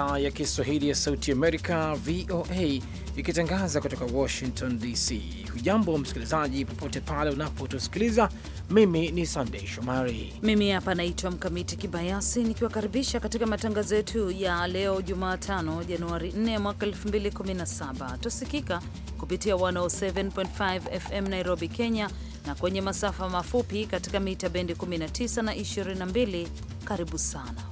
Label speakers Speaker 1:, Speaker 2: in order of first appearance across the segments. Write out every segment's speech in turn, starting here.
Speaker 1: idhaa ya Kiswahili ya Sauti Amerika, VOA, ikitangaza kutoka Washington DC. Hujambo msikilizaji, popote pale unapotusikiliza. Mimi ni Sandei Shomari,
Speaker 2: mimi hapa naitwa Mkamiti Kibayasi, nikiwakaribisha katika matangazo yetu ya leo Jumatano, Januari 4 mwaka 2017. Tusikika kupitia 107.5 FM Nairobi, Kenya, na kwenye masafa mafupi katika mita bendi 19 na 22. Karibu sana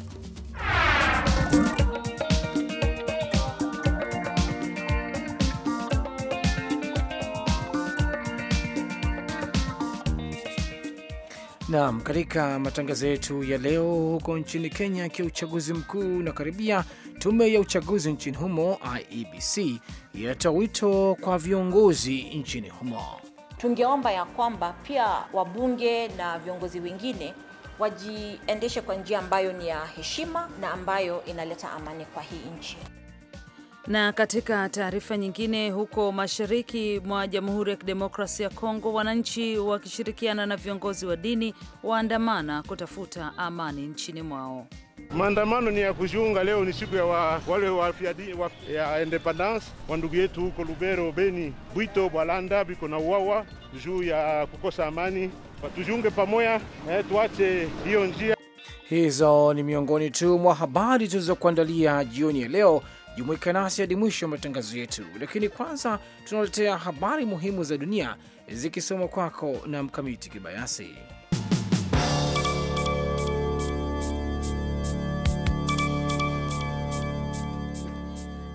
Speaker 1: Naam, katika matangazo yetu ya leo, huko nchini Kenya, akiwa uchaguzi mkuu unakaribia tume ya uchaguzi nchini humo IEBC yatoa wito kwa viongozi nchini humo.
Speaker 3: Tungeomba ya kwamba pia wabunge na viongozi wengine wajiendeshe kwa njia ambayo ni ya heshima na ambayo inaleta amani kwa hii nchi.
Speaker 2: Na katika taarifa nyingine, huko mashariki mwa Jamhuri ya Kidemokrasia ya Kongo, wananchi wakishirikiana na viongozi wa dini waandamana kutafuta amani nchini mwao.
Speaker 4: Maandamano ni ya kujiunga, leo ni siku ya wa, wale wa, wa, ya independence wa ndugu yetu huko Lubero, Beni, Bwito, Bwalanda biko na uwawa juu ya kukosa amani. Tujiunge pamoja, eh, tuache
Speaker 1: hiyo njia. Hizo ni miongoni tu mwa habari tulizokuandalia jioni ya leo Jumuika nasi hadi mwisho wa matangazo yetu, lakini kwanza tunaletea habari muhimu za dunia zikisoma kwako na Mkamiti Kibayasi.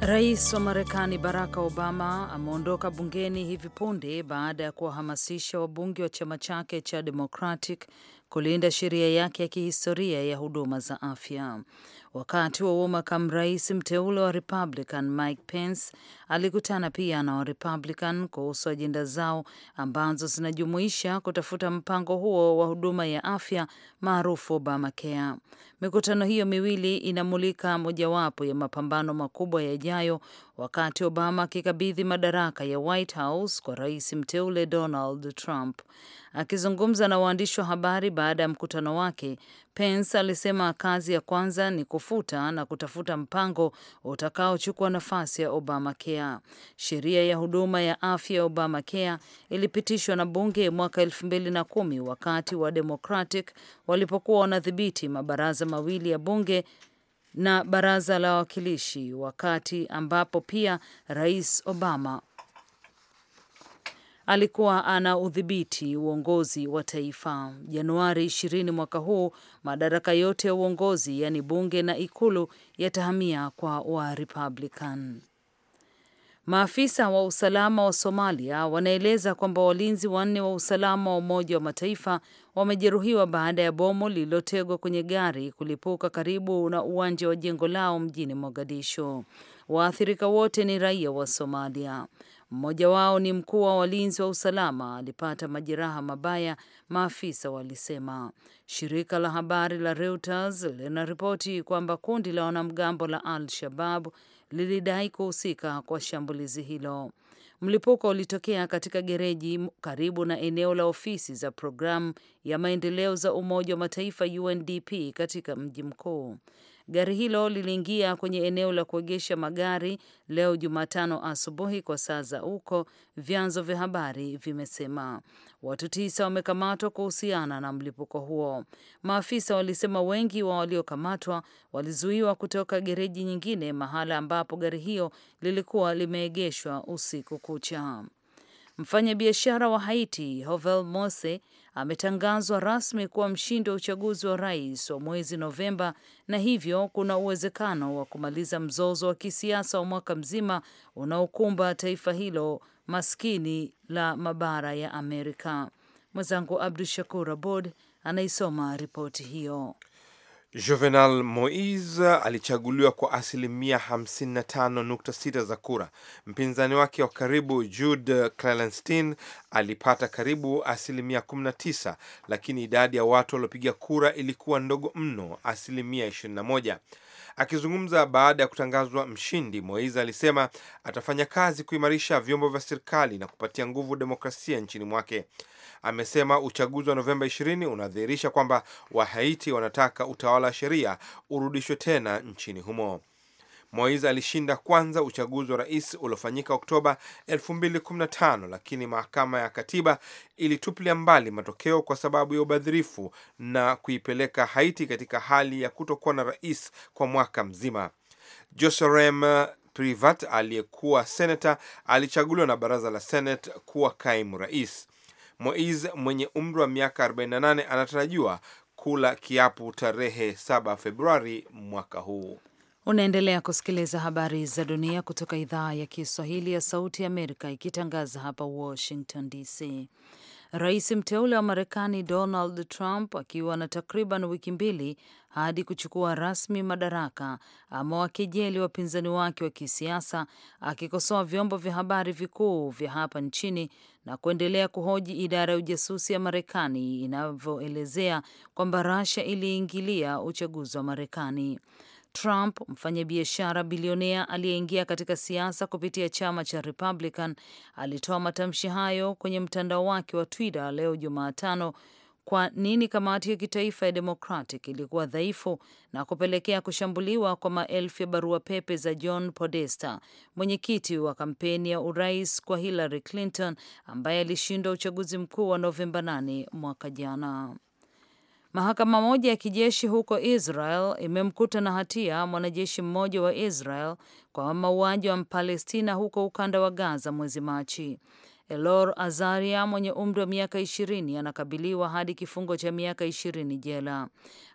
Speaker 2: Rais wa Marekani Barack Obama ameondoka bungeni hivi punde baada ya kuwahamasisha wabunge wa chama chake cha Democratic kulinda sheria yake ya kihistoria ya huduma za afya. Wakati huo makamu rais mteule wa Republican Mike Pence alikutana pia na Warepublican kuhusu ajenda zao ambazo zinajumuisha kutafuta mpango huo wa huduma ya afya maarufu Obamacare. Mikutano hiyo miwili inamulika mojawapo ya mapambano makubwa yajayo wakati Obama akikabidhi madaraka ya White House kwa rais mteule Donald Trump. Akizungumza na waandishi wa habari baada ya mkutano wake, Pence alisema kazi ya kwanza ni kufuta na kutafuta mpango utakaochukua nafasi ya Obamacare. Sheria ya huduma ya afya ya Obamacare ilipitishwa na bunge mwaka elfu mbili na kumi wakati wa Democratic walipokuwa wanadhibiti mabaraza mawili ya bunge na baraza la wawakilishi, wakati ambapo pia Rais Obama alikuwa ana udhibiti uongozi wa taifa. Januari 20 mwaka huu, madaraka yote ya uongozi yaani bunge na ikulu yatahamia kwa Warepublican. Maafisa wa usalama wa Somalia wanaeleza kwamba walinzi wanne wa usalama wa Umoja wa Mataifa wamejeruhiwa baada ya bomu lililotegwa kwenye gari kulipuka karibu na uwanja wa jengo lao mjini Mogadishu. Waathirika wote ni raia wa Somalia. Mmoja wao ni mkuu wa walinzi wa usalama alipata majeraha mabaya, maafisa walisema. Shirika la habari la Reuters linaripoti kwamba kundi la wanamgambo la Al Shabab lilidai kuhusika kwa shambulizi hilo. Mlipuko ulitokea katika gereji karibu na eneo la ofisi za programu ya maendeleo za Umoja wa Mataifa UNDP katika mji mkuu. Gari hilo liliingia kwenye eneo la kuegesha magari leo Jumatano asubuhi kwa saa za huko, vyanzo vya habari vimesema. Watu tisa wamekamatwa kuhusiana na mlipuko huo. Maafisa walisema wengi wa waliokamatwa walizuiwa kutoka gereji nyingine, mahala ambapo gari hiyo lilikuwa limeegeshwa usiku kucha. Mfanyabiashara wa Haiti Hovel Mose ametangazwa rasmi kuwa mshindi wa uchaguzi wa rais wa mwezi Novemba, na hivyo kuna uwezekano wa kumaliza mzozo wa kisiasa wa mwaka mzima unaokumba taifa hilo maskini la mabara ya Amerika. Mwenzangu Abdu Shakur Abod anaisoma ripoti hiyo.
Speaker 5: Juvenal Moise alichaguliwa kwa asilimia 55.6 za kura. Mpinzani wake wa karibu Jude Clelenstein alipata karibu asilimia 19, lakini idadi ya watu waliopiga kura ilikuwa ndogo mno, asilimia 21. Akizungumza baada ya kutangazwa mshindi, Moiza alisema atafanya kazi kuimarisha vyombo vya serikali na kupatia nguvu demokrasia nchini mwake. Amesema uchaguzi wa Novemba 20 unadhihirisha kwamba Wahaiti wanataka utawala wa sheria urudishwe tena nchini humo. Moise alishinda kwanza uchaguzi wa rais uliofanyika Oktoba 2015 lakini mahakama ya katiba ilitupilia mbali matokeo kwa sababu ya ubadhirifu na kuipeleka Haiti katika hali ya kutokuwa na rais kwa mwaka mzima. Joserem Privat aliyekuwa senata alichaguliwa na baraza la Senate kuwa kaimu rais. Moise mwenye umri wa miaka 48 anatarajiwa kula kiapu tarehe 7 Februari mwaka huu.
Speaker 2: Unaendelea kusikiliza habari za dunia kutoka idhaa ya Kiswahili ya Sauti ya Amerika ikitangaza hapa Washington DC. Rais mteule wa Marekani Donald Trump akiwa na takriban wiki mbili hadi kuchukua rasmi madaraka, amewakejeli wapinzani wake wa kisiasa, akikosoa vyombo vya habari vikuu vya hapa nchini na kuendelea kuhoji idara ya ujasusi ya Marekani inavyoelezea kwamba Russia iliingilia uchaguzi wa Marekani. Trump, mfanyabiashara bilionea aliyeingia katika siasa kupitia chama cha Republican, alitoa matamshi hayo kwenye mtandao wake wa Twitter leo Jumatano kwa nini kamati ya kitaifa ya Democratic ilikuwa dhaifu na kupelekea kushambuliwa kwa maelfu ya barua pepe za John Podesta, mwenyekiti wa kampeni ya urais kwa Hillary Clinton ambaye alishindwa uchaguzi mkuu wa Novemba 8 mwaka jana. Mahakama moja ya kijeshi huko Israel imemkuta na hatia mwanajeshi mmoja wa Israel kwa mauaji wa Mpalestina huko ukanda wa Gaza mwezi Machi. Elor Azaria mwenye umri wa miaka ishirini anakabiliwa hadi kifungo cha miaka ishirini jela.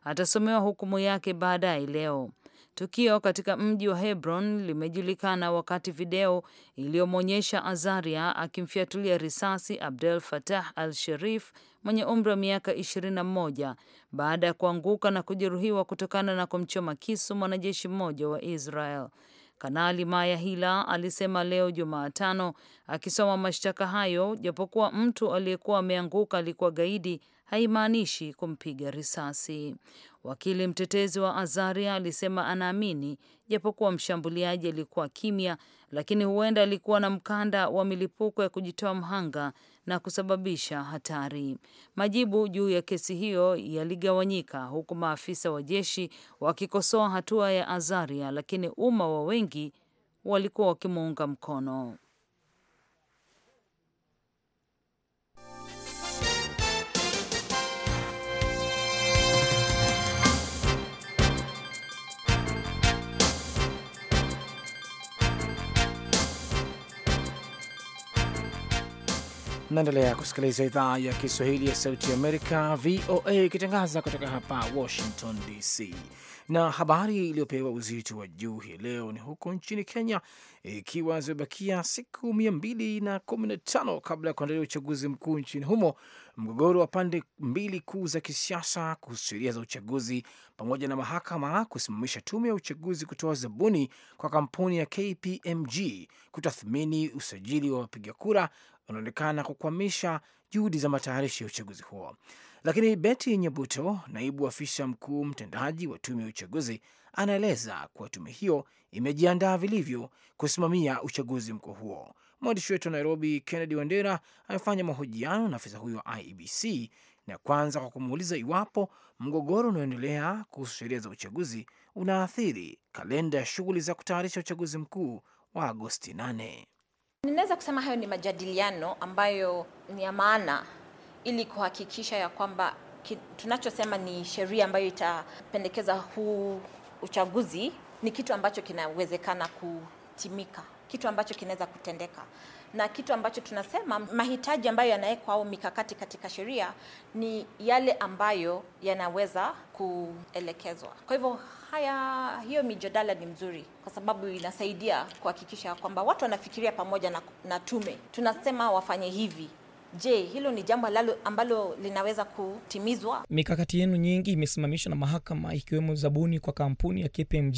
Speaker 2: Atasomewa hukumu yake baadaye leo. Tukio katika mji wa Hebron limejulikana wakati video iliyomwonyesha Azaria akimfyatulia risasi Abdel Fattah al-Sharif mwenye umri wa miaka 21 baada ya kuanguka na kujeruhiwa kutokana na kumchoma kisu mwanajeshi mmoja wa Israel. Kanali Maya Hila alisema leo Jumatano akisoma mashtaka hayo, japokuwa mtu aliyekuwa ameanguka alikuwa gaidi haimaanishi kumpiga risasi. Wakili mtetezi wa Azaria alisema anaamini, japokuwa mshambuliaji alikuwa kimya, lakini huenda alikuwa na mkanda wa milipuko ya kujitoa mhanga na kusababisha hatari. Majibu juu ya kesi hiyo yaligawanyika, huku maafisa wa jeshi wakikosoa hatua ya Azaria, lakini umma wa wengi walikuwa wakimuunga mkono.
Speaker 1: Naendelea kusikiliza idhaa ya Kiswahili ya Sauti Amerika, VOA, ikitangaza kutoka hapa Washington DC. Na habari iliyopewa uzito wa juu hii leo ni huko nchini Kenya, ikiwa zimebakia siku mia mbili na kumi na tano kabla ya kuandalia uchaguzi mkuu nchini humo. Mgogoro wa pande mbili kuu za kisiasa kuhusu sheria za uchaguzi pamoja na mahakama kusimamisha tume ya uchaguzi kutoa zabuni kwa kampuni ya KPMG kutathmini usajili wa wapiga kura unaonekana kukwamisha juhudi za matayarisho ya uchaguzi huo. Lakini Beti Nyabuto, naibu afisa mkuu mtendaji wa tume ya uchaguzi, anaeleza kuwa tume hiyo imejiandaa vilivyo kusimamia uchaguzi mkuu huo. Mwandishi wetu wa Nairobi, Kennedy Wandera, amefanya mahojiano na afisa huyo wa IEBC na kwanza kwa kumuuliza iwapo mgogoro unaoendelea kuhusu sheria za uchaguzi unaathiri kalenda ya shughuli za kutayarisha uchaguzi mkuu wa Agosti 8.
Speaker 3: Ninaweza kusema hayo ni majadiliano ambayo ni ya maana ili kuhakikisha ya kwamba tunachosema ni sheria ambayo itapendekeza huu uchaguzi ni kitu ambacho kinawezekana kutimika, kitu ambacho kinaweza kutendeka na kitu ambacho tunasema mahitaji ambayo yanawekwa au mikakati katika sheria ni yale ambayo yanaweza kuelekezwa. Kwa hivyo haya, hiyo mijadala ni mzuri kwa sababu inasaidia kuhakikisha kwamba watu wanafikiria pamoja na, na tume tunasema wafanye hivi. Je, hilo ni jambo ambalo linaweza kutimizwa?
Speaker 1: Mikakati yenu nyingi imesimamishwa na mahakama ikiwemo zabuni kwa kampuni ya KPMG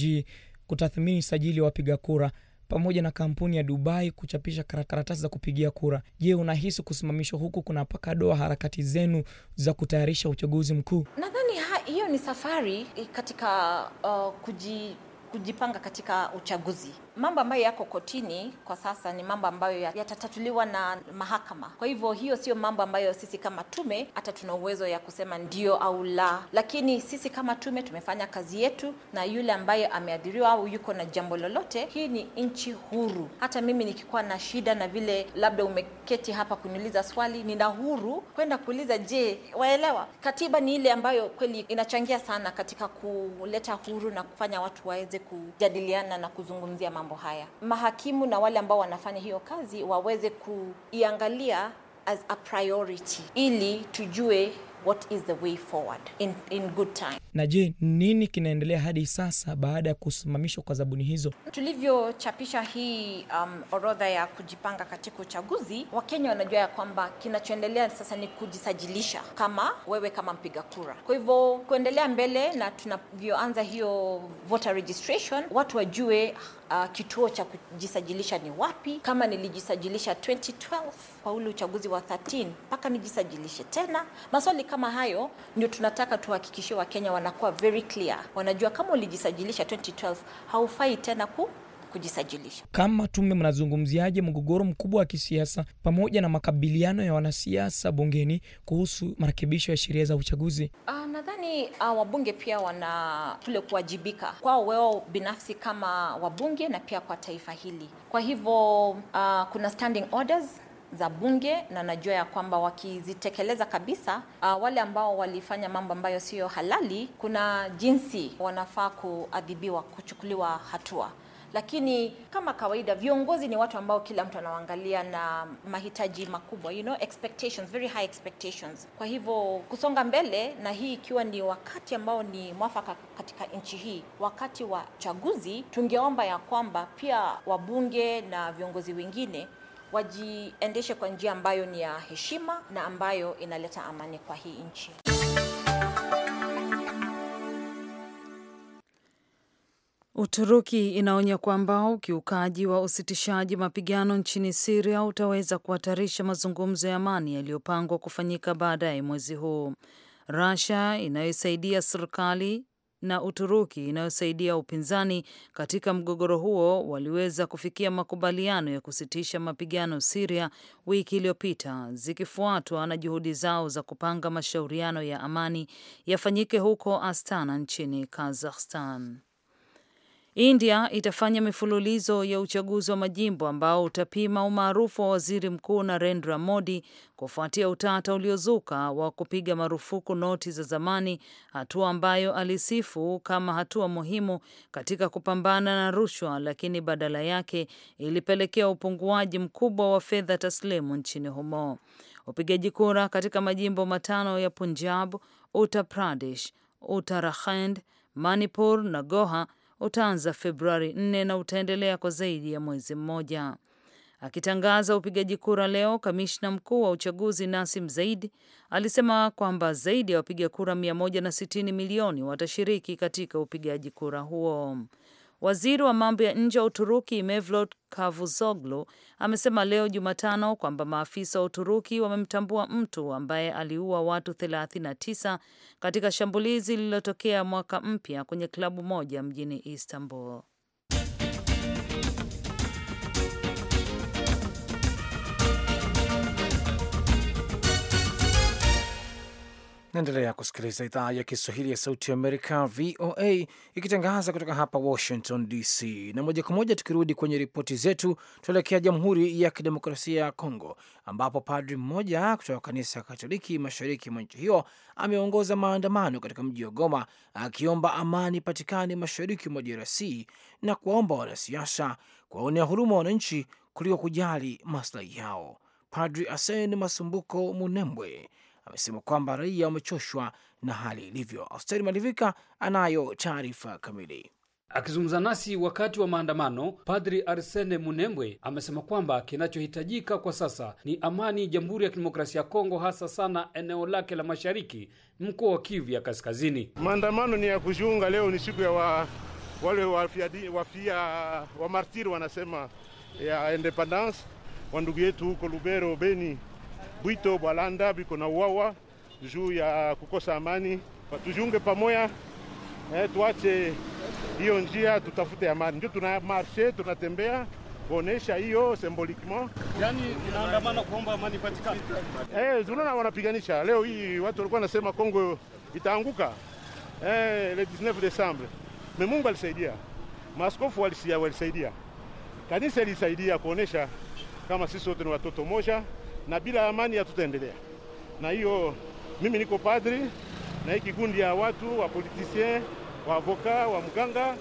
Speaker 1: kutathmini sajili wa wapiga kura pamoja na kampuni ya Dubai kuchapisha karatasi za kupigia kura. Je, unahisi kusimamishwa huku kuna paka doa harakati zenu za kutayarisha uchaguzi mkuu?
Speaker 3: Nadhani hiyo ni safari eh, katika uh, kuji, kujipanga katika uchaguzi mambo ambayo yako kotini kwa sasa ni mambo ambayo yatatatuliwa na mahakama. Kwa hivyo hiyo sio mambo ambayo sisi kama tume hata tuna uwezo ya kusema ndio au la, lakini sisi kama tume tumefanya kazi yetu, na yule ambaye ameadhiriwa au yuko na jambo lolote, hii ni nchi huru. Hata mimi nikikuwa na shida na vile labda umeketi hapa kuniuliza swali, nina huru kwenda kuuliza. Je, waelewa? Katiba ni ile ambayo kweli inachangia sana katika kuleta huru na kufanya watu waweze kujadiliana na kuzungumzia mambo mambo haya. Mahakimu na wale ambao wanafanya hiyo kazi waweze kuiangalia as a priority ili tujue what is the way forward in, in good time.
Speaker 1: Na je, nini kinaendelea hadi sasa baada ya kusimamishwa kwa zabuni hizo?
Speaker 3: Tulivyochapisha hii um, orodha ya kujipanga katika uchaguzi, Wakenya wanajua ya kwamba kinachoendelea sasa ni kujisajilisha kama wewe kama mpiga kura. Kwa hivyo kuendelea mbele na tunavyoanza hiyo voter registration, watu wajue uh, kituo cha kujisajilisha ni wapi. Kama nilijisajilisha 2012 kwa ule uchaguzi wa 13 mpaka nijisajilishe tena? Maswali kama hayo ndio tunataka tuhakikishie Wakenya wanakuwa very clear, wanajua kama ulijisajilisha 2012 haufai tena ku kujisajilisha.
Speaker 1: Kama tume, mnazungumziaje mgogoro mkubwa wa kisiasa pamoja na makabiliano ya wanasiasa bungeni kuhusu marekebisho ya sheria za uchaguzi?
Speaker 3: Uh, nadhani uh, wabunge pia wana kule kuwajibika kwao weo binafsi kama wabunge na pia kwa taifa hili. Kwa hivyo uh, kuna standing orders za bunge na najua ya kwamba wakizitekeleza kabisa, uh, wale ambao walifanya mambo ambayo siyo halali, kuna jinsi wanafaa kuadhibiwa, kuchukuliwa hatua lakini kama kawaida viongozi ni watu ambao kila mtu anawaangalia na mahitaji makubwa, you know, expectations, very high expectations. Kwa hivyo kusonga mbele na hii ikiwa ni wakati ambao ni mwafaka katika nchi hii, wakati wa chaguzi, tungeomba ya kwamba pia wabunge na viongozi wengine wajiendeshe kwa njia ambayo ni ya heshima na ambayo inaleta amani kwa hii nchi.
Speaker 2: Uturuki inaonya kwamba ukiukaji wa usitishaji mapigano nchini Siria utaweza kuhatarisha mazungumzo ya amani yaliyopangwa kufanyika baadaye mwezi huu. Russia inayosaidia serikali na Uturuki inayosaidia upinzani katika mgogoro huo waliweza kufikia makubaliano ya kusitisha mapigano Siria wiki iliyopita zikifuatwa na juhudi zao za kupanga mashauriano ya amani yafanyike huko Astana nchini Kazakhstan. India itafanya mifululizo ya uchaguzi wa majimbo ambao utapima umaarufu wa waziri mkuu Narendra Modi kufuatia utata uliozuka wa kupiga marufuku noti za zamani, hatua ambayo alisifu kama hatua muhimu katika kupambana na rushwa, lakini badala yake ilipelekea upunguaji mkubwa wa fedha taslimu nchini humo. Upigaji kura katika majimbo matano ya Punjab, Uttar Pradesh, Uttarakhand, Manipur na Goa utaanza Februari 4 na utaendelea kwa zaidi ya mwezi mmoja. Akitangaza upigaji kura leo, kamishna mkuu wa uchaguzi Nasim Zaidi alisema kwamba zaidi ya wapiga kura 160 milioni watashiriki katika upigaji kura huo. Waziri wa mambo ya nje wa Uturuki Mevlut Kavuzoglu amesema leo Jumatano kwamba maafisa wa Uturuki wamemtambua mtu ambaye aliua watu 39 katika shambulizi lililotokea mwaka mpya kwenye klabu moja mjini Istanbul.
Speaker 1: Naendelea kusikiliza idhaa ya Kiswahili ya Sauti ya Amerika, VOA, ikitangaza kutoka hapa Washington DC. Na moja kwa moja tukirudi kwenye ripoti zetu, tuelekea Jamhuri ya Kidemokrasia ya Kongo, ambapo padri mmoja kutoka kanisa Katoliki mashariki mwa nchi hiyo ameongoza maandamano katika mji wa Goma akiomba amani patikane mashariki mwa DRC na kuwaomba wanasiasa kuwaonea huruma wananchi kuliko kujali maslahi yao. Padri Asen Masumbuko Munembwe amesema kwamba raia wamechoshwa na hali ilivyo. Austeri Malivika
Speaker 6: anayo taarifa kamili. Akizungumza nasi wakati wa maandamano, Padri Arsene Munembwe amesema kwamba kinachohitajika kwa sasa ni amani Jamhuri ya Kidemokrasia ya Kongo, hasa sana eneo lake la mashariki, mkoa wa Kivu ya Kaskazini. Maandamano
Speaker 4: ni ya kujiunga, leo ni siku ya wa,
Speaker 6: wale wafia wamartiri
Speaker 4: wanasema ya independence wa ndugu yetu huko Lubero, Beni bwito bwalanda biko na uwawa juu ya kukosa amani. Tujiunge pamoja eh, tuache hiyo njia, tutafute amani. Ndio tuna marshe tunatembea kuonesha hiyo symboliquement,
Speaker 6: yani tunaandamana kuomba amani patikane.
Speaker 4: Eh, tunaona wanapiganisha leo hii, watu walikuwa nasema Kongo itaanguka eh, le 19 Desembre, me Mungu alisaidia, maskofu walisaidia, kanisa ilisaidia kuonesha kama sisi wote ni watoto moja na bila amani hatutaendelea. Na hiyo mimi niko padri na hii kikundi ya watu wa politisien wa avoka wa mganga,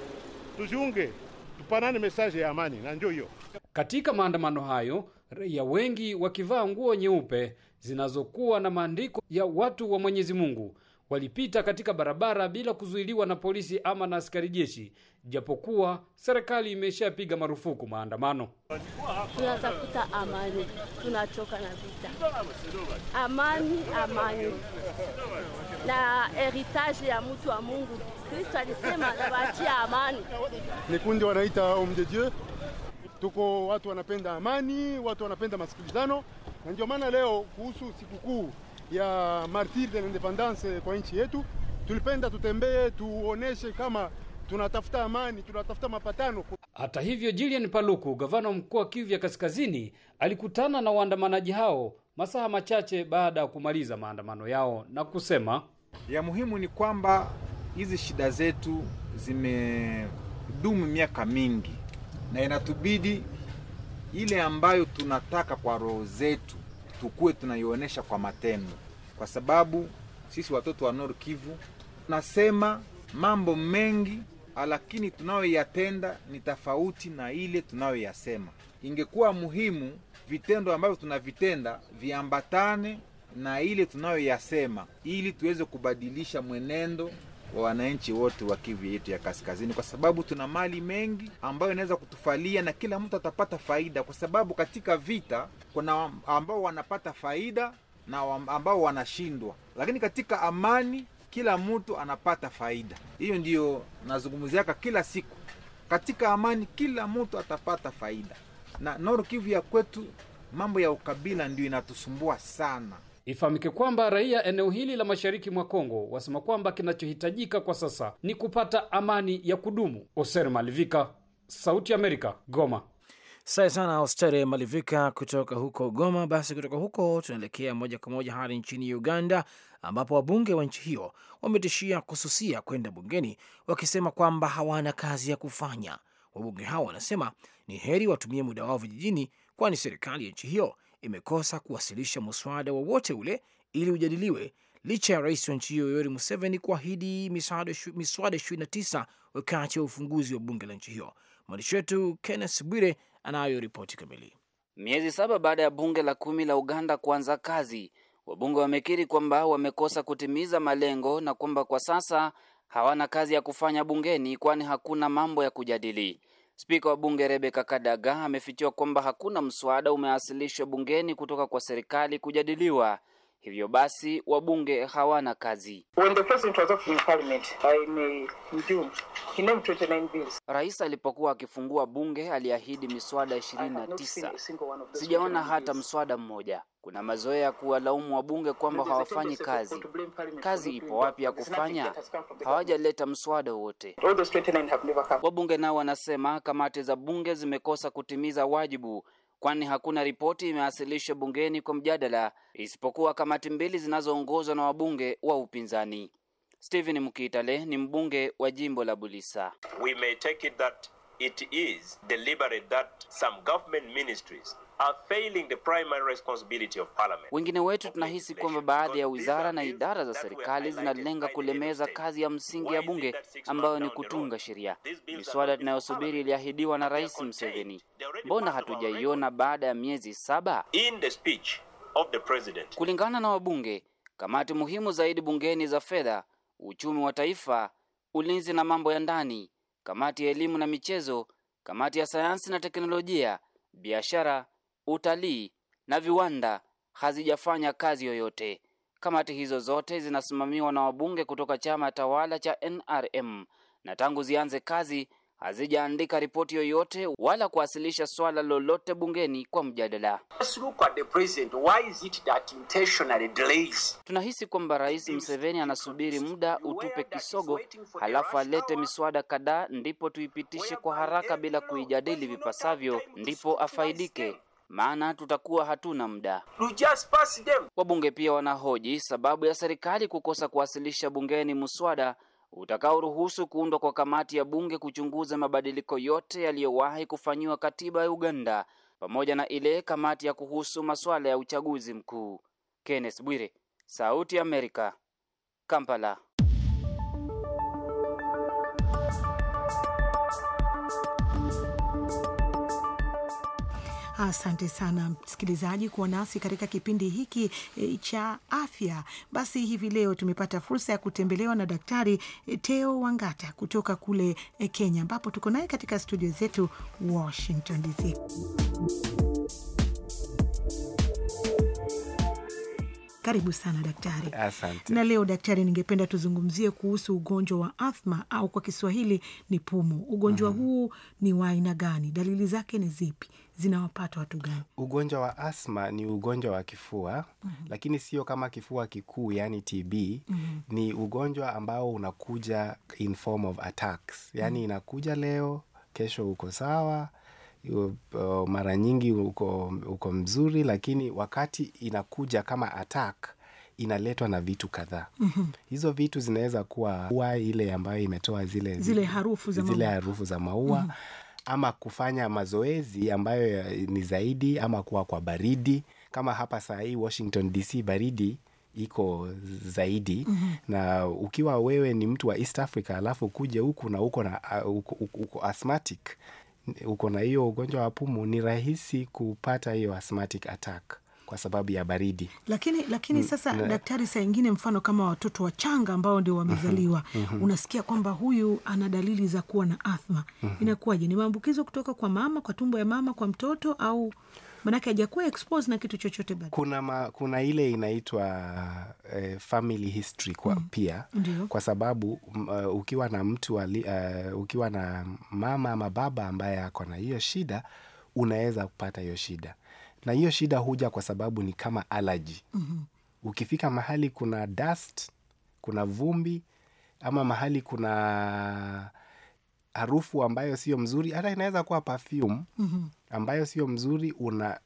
Speaker 4: tujiunge tupanane mesaje ya amani,
Speaker 6: na ndio hiyo. Katika maandamano hayo raia wengi wakivaa nguo nyeupe zinazokuwa na maandiko ya watu wa Mwenyezi Mungu walipita katika barabara bila kuzuiliwa na polisi ama na askari jeshi, japokuwa serikali imeshapiga marufuku maandamano.
Speaker 7: Tunatafuta amani, tunachoka na vita. Amani, amani na heritage ya mtu wa
Speaker 8: Mungu. Kristo alisema nawaachia amani.
Speaker 4: Ni kundi wanaita homme de Dieu. Tuko watu wanapenda amani, watu wanapenda masikilizano, na ndio maana leo kuhusu sikukuu ya martiri de l'independance kwa nchi yetu. Tulipenda tutembee,
Speaker 6: tuoneshe kama tunatafuta amani, tunatafuta mapatano. Hata hivyo, Julian Paluku, gavana mkuu wa Kivu ya Kaskazini, alikutana na waandamanaji hao masaa machache baada ya kumaliza maandamano yao na kusema
Speaker 5: ya muhimu ni kwamba hizi shida zetu zimedumu miaka mingi na inatubidi ile ambayo tunataka kwa roho zetu tukuwe tunaionyesha kwa matendo, kwa sababu sisi watoto wa Nord Kivu tunasema mambo mengi, lakini tunayoyatenda ni tofauti na ile tunayoyasema. Ingekuwa muhimu vitendo ambavyo tunavitenda viambatane na ile tunayoyasema, ili tuweze kubadilisha mwenendo wa wananchi wote wa Kivu yetu ya kaskazini, kwa sababu tuna mali mengi ambayo inaweza kutufalia na kila mtu atapata faida, kwa sababu katika vita kuna ambao wanapata faida na ambao wanashindwa, lakini katika amani kila mtu anapata faida. Hiyo ndiyo nazungumziaka kila siku. Katika amani kila mtu atapata faida, na Nord Kivu ya kwetu mambo ya ukabila ndio inatusumbua sana.
Speaker 6: Ifahamike kwamba raia eneo hili la mashariki mwa Kongo wasema kwamba kinachohitajika kwa sasa ni kupata amani ya kudumu. Oser Malivika, Sauti Amerika, Goma. Sae sana Ostere Malivika kutoka huko Goma. Basi kutoka huko tunaelekea
Speaker 1: moja kwa moja hadi nchini Uganda, ambapo wabunge wa nchi hiyo wametishia kususia kwenda bungeni, wakisema kwamba hawana kazi ya kufanya. Wabunge hao wanasema ni heri watumie muda wao vijijini, kwani serikali ya nchi hiyo imekosa kuwasilisha muswada wowote ule ili ujadiliwe licha ya rais wa nchi hiyo Yoweri Museveni kuahidi miswada 29 wakati wa ufunguzi wa bunge la nchi hiyo. Mwandishi wetu Kenneth Bwire anayo ripoti kamili.
Speaker 7: Miezi saba baada ya bunge la kumi la Uganda kuanza kazi, wabunge wamekiri kwamba wamekosa kutimiza malengo na kwamba kwa sasa hawana kazi ya kufanya bungeni, kwani hakuna mambo ya kujadili. Spika wa bunge rebeka Kadaga amefichua kwamba hakuna mswada umewasilishwa bungeni kutoka kwa serikali kujadiliwa. Hivyo basi wabunge hawana kazi. Rais alipokuwa akifungua bunge aliahidi miswada ishirini na tisa. Sijaona hata mswada mmoja. Kuna mazoea ya kuwalaumu wabunge kwamba hawafanyi kazi. Kazi ipo wapi ya kufanya? Hawajaleta mswada wote. Wabunge nao wanasema kamati za bunge zimekosa kutimiza wajibu, kwani hakuna ripoti imewasilishwa bungeni kwa mjadala, isipokuwa kamati mbili zinazoongozwa na wabunge wa upinzani. Stephen mkitale ni mbunge wa jimbo la Bulisa.
Speaker 8: We may take it that it is deliberate that some government ministries wengine wetu
Speaker 7: tunahisi kwamba baadhi ya wizara na idara za serikali zinalenga kulemeza kazi ya msingi ya bunge ambayo ni kutunga sheria. Miswada tunayosubiri iliahidiwa na Rais Museveni, mbona hatujaiona baada ya miezi saba?
Speaker 6: In the speech of the president.
Speaker 7: Kulingana na wabunge, kamati muhimu zaidi bungeni za fedha, uchumi wa taifa, ulinzi na mambo ya ndani, kamati ya elimu na michezo, kamati ya sayansi na teknolojia, biashara utalii na viwanda hazijafanya kazi yoyote. Kamati hizo zote zinasimamiwa na wabunge kutoka chama tawala cha NRM na tangu zianze kazi hazijaandika ripoti yoyote wala kuwasilisha swala lolote bungeni kwa mjadala. Tunahisi kwamba Rais Museveni anasubiri muda utupe kisogo, halafu alete miswada kadhaa, ndipo tuipitishe kwa haraka bila kuijadili vipasavyo, ndipo afaidike maana tutakuwa hatuna muda. Wabunge pia wanahoji sababu ya serikali kukosa kuwasilisha bungeni mswada utakaoruhusu kuundwa kwa kamati ya bunge kuchunguza mabadiliko yote yaliyowahi kufanyiwa katiba ya Uganda pamoja na ile kamati ya kuhusu masuala ya uchaguzi mkuu. Kenneth Bwire, Sauti ya Amerika, Kampala.
Speaker 9: Asante sana msikilizaji kuwa nasi katika kipindi hiki e, cha afya. Basi hivi leo tumepata fursa ya kutembelewa na Daktari e, Teo Wangata kutoka kule e, Kenya, ambapo tuko naye katika studio zetu Washington DC. Karibu sana daktari. Asante. Na leo daktari, ningependa tuzungumzie kuhusu ugonjwa wa athma au kwa Kiswahili ni pumu. Ugonjwa mm -hmm. huu ni wa aina gani? Dalili zake ni zipi? Zinawapata watu gani?
Speaker 8: Ugonjwa wa asma ni ugonjwa wa kifua mm -hmm. lakini sio kama kifua kikuu, yani TB mm -hmm. ni ugonjwa ambao unakuja in form of attacks, yani mm -hmm. inakuja leo, kesho uko sawa Uh, mara nyingi uko, uko mzuri, lakini wakati inakuja kama attack inaletwa na vitu kadhaa. mm -hmm. Hizo vitu zinaweza kuwa ua ile ambayo imetoa zile, zile harufu za zile maua, harufu za maua. Mm -hmm ama kufanya mazoezi ambayo eh, ni zaidi, ama kuwa kwa baridi kama hapa saa hii Washington DC, baridi iko zaidi. mm -hmm. Na ukiwa wewe ni mtu wa East Africa alafu kuje huku na uko na uh, uko asthmatic uko na hiyo ugonjwa wa pumu, ni rahisi kupata hiyo asthmatic attack kwa sababu ya baridi.
Speaker 9: Lakini lakini mm, sasa na, daktari, saa ingine mfano kama watoto wachanga ambao ndio mhm, wamezaliwa mhm. unasikia kwamba huyu ana dalili za kuwa na athma, mhm. inakuwaje? Ni maambukizo kutoka kwa mama, kwa tumbo ya mama kwa mtoto au manake hajakuwa expose na kitu chochote bado.
Speaker 8: Kuna, ma, kuna ile inaitwa eh, family history kwa mm. pia Ndiyo. kwa sababu uh, ukiwa na mtu wali, uh, eh, ukiwa na mama ama baba ambaye ako na hiyo shida unaweza kupata hiyo shida, na hiyo shida huja kwa sababu ni kama alaji mm -hmm. ukifika mahali kuna dust, kuna vumbi ama mahali kuna harufu ambayo sio mzuri, hata inaweza kuwa perfume mm-hmm. ambayo sio mzuri, una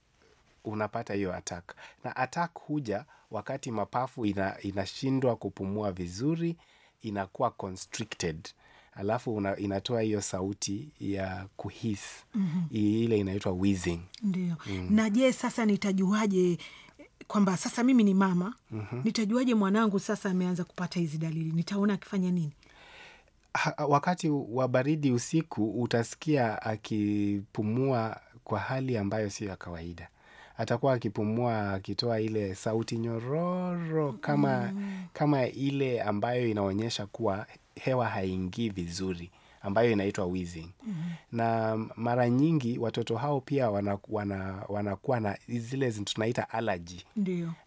Speaker 8: unapata hiyo attack, na attack huja wakati mapafu ina, inashindwa kupumua vizuri, inakuwa constricted alafu una, inatoa hiyo sauti ya kuhis mm -hmm. Ile inaitwa wheezing
Speaker 9: ndio. mm. Na je, sasa nitajuaje kwamba sasa mimi ni mama mm -hmm. Nitajuaje mwanangu sasa ameanza kupata hizi dalili? Nitaona akifanya nini?
Speaker 8: wakati wa baridi usiku utasikia akipumua kwa hali ambayo sio ya kawaida. Atakuwa akipumua akitoa ile sauti nyororo kama, mm. kama ile ambayo inaonyesha kuwa hewa haingii vizuri ambayo inaitwa Mm -hmm. Na mara nyingi watoto hao pia wanakuwa wana, wana na zile tunaita allergy.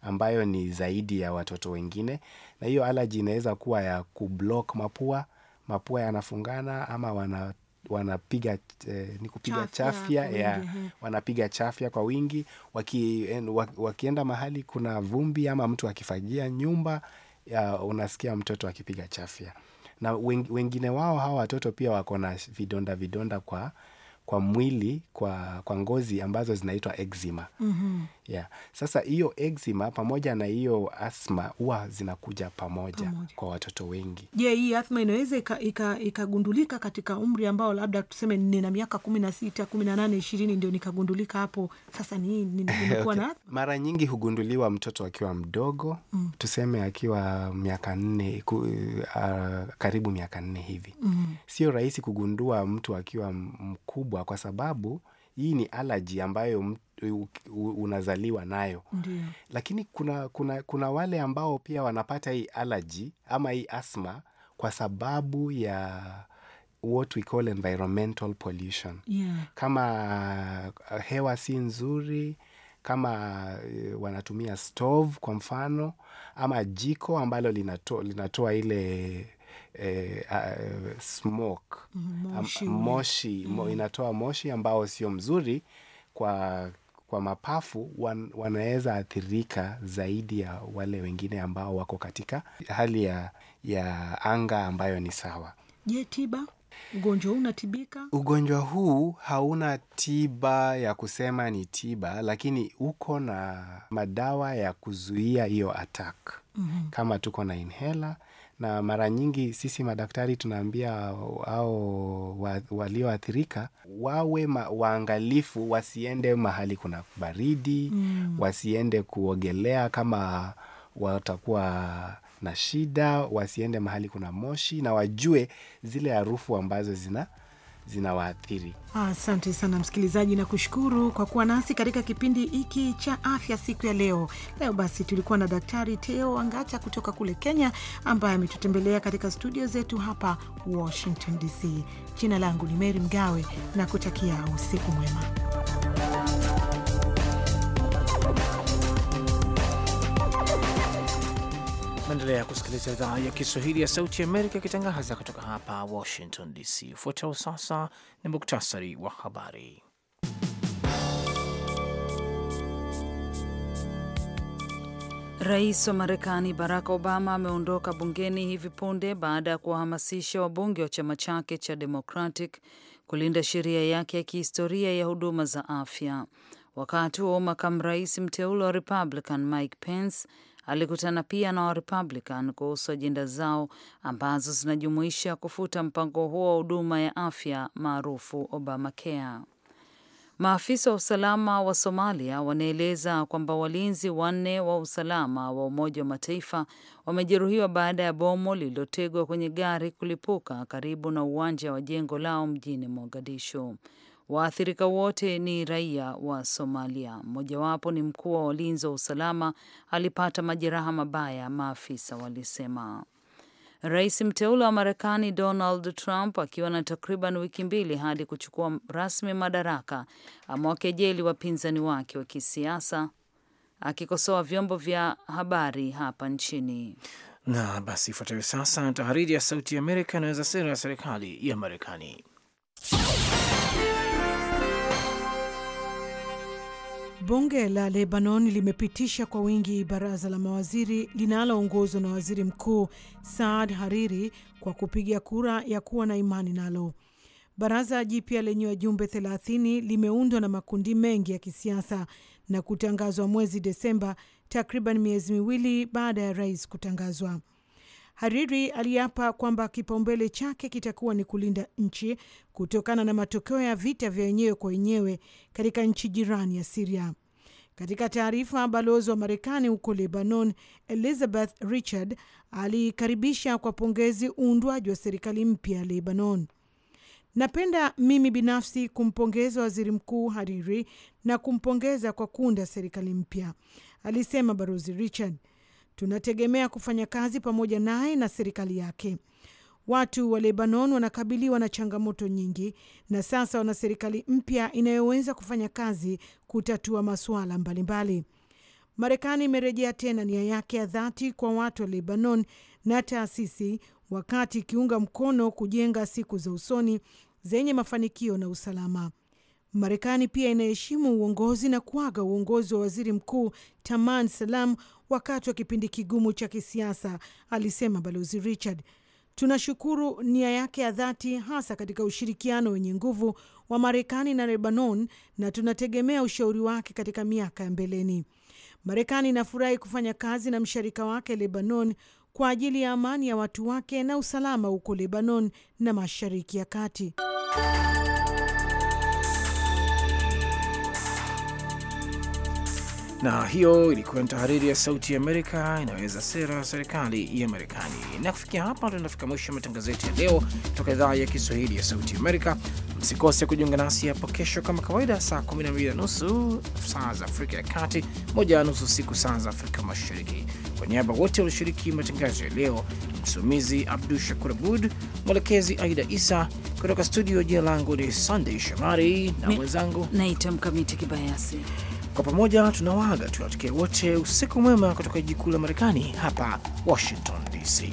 Speaker 8: ambayo ni zaidi ya watoto wengine, na hiyo allergy inaweza kuwa ya kublock mapua mapua yanafungana ama wana wanapiga eh, ni kupiga chafya, chafya ya eh. wanapiga chafya kwa wingi waki, en, wakienda mahali kuna vumbi ama mtu akifagia nyumba ya, unasikia mtoto akipiga chafya na wengine wao hawa watoto pia wako na vidonda vidonda kwa kwa mwili kwa, kwa ngozi ambazo zinaitwa eczema. Mm -hmm. Yeah. Sasa hiyo eczema pamoja na hiyo asma huwa zinakuja pamoja, pamoja kwa watoto wengi.
Speaker 9: Je, hii asma inaweza ikagundulika katika umri ambao labda tuseme nina miaka kumi na sita, kumi na nane, ishirini ndio nikagundulika hapo sasa ni, ni, okay. na
Speaker 8: mara nyingi hugunduliwa mtoto akiwa mdogo mm. tuseme akiwa miaka nne ku, uh, karibu miaka nne hivi mm. Sio rahisi kugundua mtu akiwa mkubwa kwa sababu hii ni alaji ambayo unazaliwa nayo Ndiyo. Lakini kuna, kuna, kuna wale ambao pia wanapata hii alaji ama hii asma kwa sababu ya what we call environmental pollution yeah. Kama uh, hewa si nzuri, kama uh, wanatumia stove kwa mfano, ama jiko ambalo linatoa, linatoa ile eh, uh, smoke mm, moshi, um, moshi mm. mo, Inatoa moshi ambao sio mzuri kwa kwa mapafu wan, wanaweza athirika zaidi ya wale wengine ambao wako katika hali ya, ya anga ambayo ni sawa.
Speaker 9: Je, tiba ugonjwa huu unatibika?
Speaker 8: Ugonjwa huu hauna tiba ya kusema ni tiba, lakini uko na madawa ya kuzuia hiyo attack. Mm -hmm. Kama tuko na inhela na mara nyingi sisi madaktari tunaambia ao walioathirika wawe ma, waangalifu, wasiende mahali kuna baridi mm. Wasiende kuogelea kama watakuwa na shida, wasiende mahali kuna moshi, na wajue zile harufu ambazo zina zinawaathiri.
Speaker 9: Asante sana msikilizaji, na kushukuru kwa kuwa nasi katika kipindi hiki cha afya siku ya leo. Leo basi tulikuwa na Daktari Teo Angata kutoka kule Kenya, ambaye ametutembelea katika studio zetu hapa Washington DC. Jina langu ni Meri Mgawe na kutakia usiku mwema.
Speaker 1: Unaendelea kusikiliza idhaa ya Kiswahili ya Sauti Amerika ikitangaza kutoka hapa Washington DC. Ufuatao sasa ni muktasari wa habari.
Speaker 2: Rais wa Marekani Barack Obama ameondoka bungeni hivi punde baada ya kuwahamasisha wabunge wa chama chake cha Democratic kulinda sheria yake ya kihistoria ya huduma za afya. Wakati huo makamu rais mteule wa Republican Mike Pence Alikutana pia na Warepublican kuhusu ajenda zao ambazo zinajumuisha kufuta mpango huo wa huduma ya afya maarufu Obamacare. Maafisa wa usalama wa Somalia wanaeleza kwamba walinzi wanne wa usalama wa Umoja wa Mataifa wamejeruhiwa baada ya bomu lililotegwa kwenye gari kulipuka karibu na uwanja wa jengo lao mjini Mogadishu. Waathirika wote ni raia wa Somalia. Mmojawapo ni mkuu wa walinzi wa usalama, alipata majeraha mabaya, maafisa walisema. Rais mteule wa Marekani Donald Trump akiwa na takriban wiki mbili hadi kuchukua rasmi madaraka amewakejeli wapinzani wake wa kisiasa akikosoa vyombo vya habari hapa nchini.
Speaker 1: Na basi ifuatayo sasa tahariri ya Sauti ya Amerika inaweza sera ya serikali ya Marekani.
Speaker 9: Bunge la Lebanon limepitisha kwa wingi baraza la mawaziri linaloongozwa na waziri mkuu Saad Hariri kwa kupiga kura ya kuwa na imani nalo. Baraza jipya lenye wajumbe 30 limeundwa na makundi mengi ya kisiasa na kutangazwa mwezi Desemba, takriban miezi miwili baada ya rais kutangazwa. Hariri aliapa kwamba kipaumbele chake kitakuwa ni kulinda nchi kutokana na matokeo ya vita vya wenyewe kwa wenyewe katika nchi jirani ya Siria. Katika taarifa, balozi wa Marekani huko Lebanon, Elizabeth Richard, alikaribisha kwa pongezi uundwaji wa serikali mpya ya Lebanon. Napenda mimi binafsi kumpongeza waziri mkuu Hariri na kumpongeza kwa kuunda serikali mpya, alisema balozi Richard. Tunategemea kufanya kazi pamoja naye na serikali yake. Watu wa Lebanon wanakabiliwa na changamoto nyingi, na sasa wana serikali mpya inayoweza kufanya kazi kutatua masuala mbalimbali. Marekani imerejea tena nia yake ya dhati kwa watu wa Lebanon na taasisi, wakati ikiunga mkono kujenga siku za usoni zenye mafanikio na usalama. Marekani pia inaheshimu uongozi na kuaga uongozi wa waziri mkuu Taman Salam wakati wa kipindi kigumu cha kisiasa, alisema Balozi Richard. Tunashukuru nia yake ya dhati hasa katika ushirikiano wenye nguvu wa Marekani na Lebanon na tunategemea ushauri wake katika miaka ya mbeleni. Marekani inafurahi kufanya kazi na mshirika wake Lebanon kwa ajili ya amani ya watu wake na usalama huko Lebanon na Mashariki ya Kati.
Speaker 1: na hiyo ilikuwa ni tahariri ya Sauti ya Amerika inaweza sera ya serikali ya Marekani. Na kufikia hapa tunafika mwisho matangazo yetu ya leo kutoka idhaa ya Kiswahili ya Sauti ya Amerika. Msikose kujiunga nasi hapo kesho kama kawaida, saa 12 na nusu saa za Afrika ya Kati, moja na nusu siku saa za Afrika Mashariki. Kwa niaba wote walioshiriki matangazo ya leo, msimamizi Abdu Shakur Abud, mwelekezi Aida Isa kutoka studio. Jina langu ni Sandey Shomari na mwenzangu naita Mkamiti Kibayasi kwa pamoja tunawaaga, tunawatakia wote usiku mwema kutoka jiji kuu la Marekani hapa Washington DC.